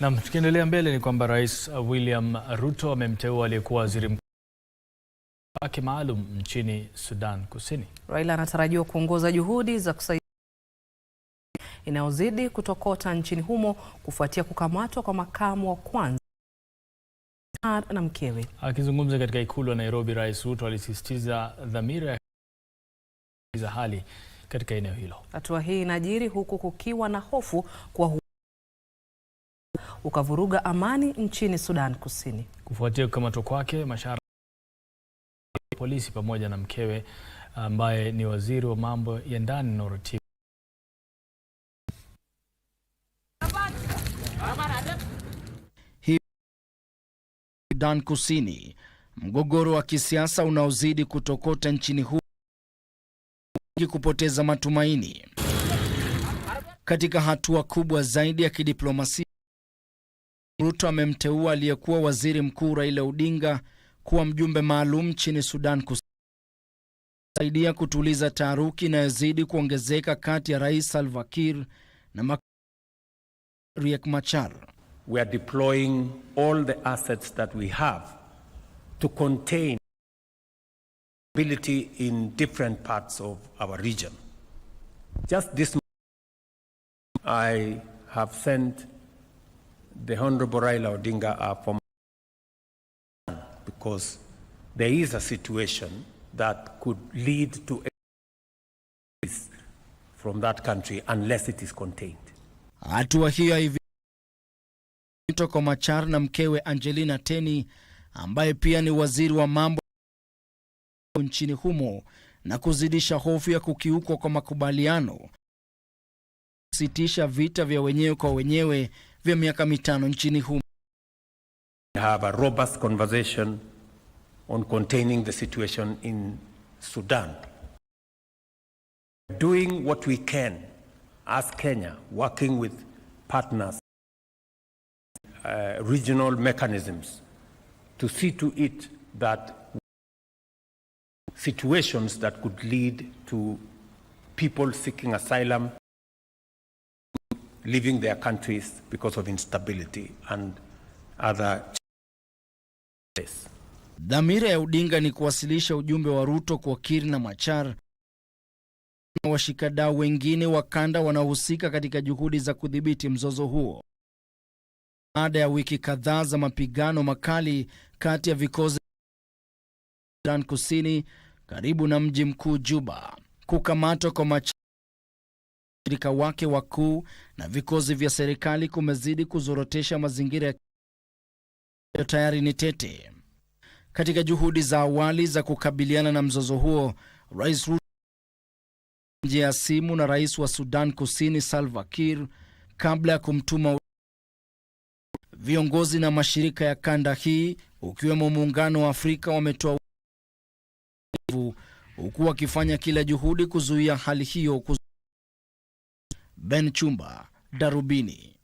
Na tukiendelea mbele ni kwamba Rais William Ruto amemteua aliyekuwa waziri mkuu wake maalum nchini Sudan Kusini. Raila anatarajiwa kuongoza juhudi za kusaidia inayozidi kutokota nchini humo kufuatia kukamatwa kwa makamu wa kwanza na mkewe. Akizungumza katika ikulu ya Nairobi, Rais Ruto alisisitiza dhamira ya hali katika eneo hilo. Hatua hii inajiri huku kukiwa na hofu kwa ukavuruga amani nchini Sudan Kusini. Kufuatia kukamatwa kwake, Machar polisi pamoja na mkewe ambaye ni waziri wa mambo ya ndani na uratibu Sudan Kusini. Mgogoro wa kisiasa unaozidi kutokota nchini humo kupoteza matumaini katika hatua kubwa zaidi ya kidiplomasia Ruto amemteua aliyekuwa waziri mkuu Raila Odinga kuwa mjumbe maalum nchini Sudan kusaidia kutuliza taharuki inayozidi kuongezeka kati ya Rais Salva Kiir na Riek Machar. We are deploying all the assets that we have to contain in different parts of our region. Just this I have sent the Honorable Raila Odinga are from because there is a situation that could lead to a from that country unless it is contained. Hatua hiyo hivi ito kwa Machar na mkewe Angelina Teny ambaye pia ni waziri wa mambo nchini humo na kuzidisha hofu ya kukiukwa kwa makubaliano sitisha vita vya wenyewe kwa wenyewe vya miaka mitano nchini humo. Have a robust conversation on containing the situation in Sudan. Doing what we can as Kenya, working with partners, uh, regional mechanisms to see to it that situations that could lead to people seeking asylum leaving their countries because of instability and other challenges. Dhamira ya Odinga ni kuwasilisha ujumbe wa Ruto kwa Kiir na Machar na washikadau wengine wa kanda wanaohusika katika juhudi za kudhibiti mzozo huo. Baada ya wiki kadhaa za mapigano makali kati ya vikosi Sudan Kusini karibu na mji mkuu Juba, kukamatwa kwa Machar washirika wake wakuu na vikosi vya serikali kumezidi kuzorotesha mazingira ya tayari ni tete. Katika juhudi za awali za kukabiliana na mzozo huo, Rais Ruto njia ya simu na rais wa Sudan Kusini Salva Kiir kabla ya kumtuma viongozi na mashirika ya kanda hii ukiwemo Muungano wa Afrika wametoa huku wakifanya kila juhudi kuzuia hali hiyo kuzu Ben Chumba, Darubini.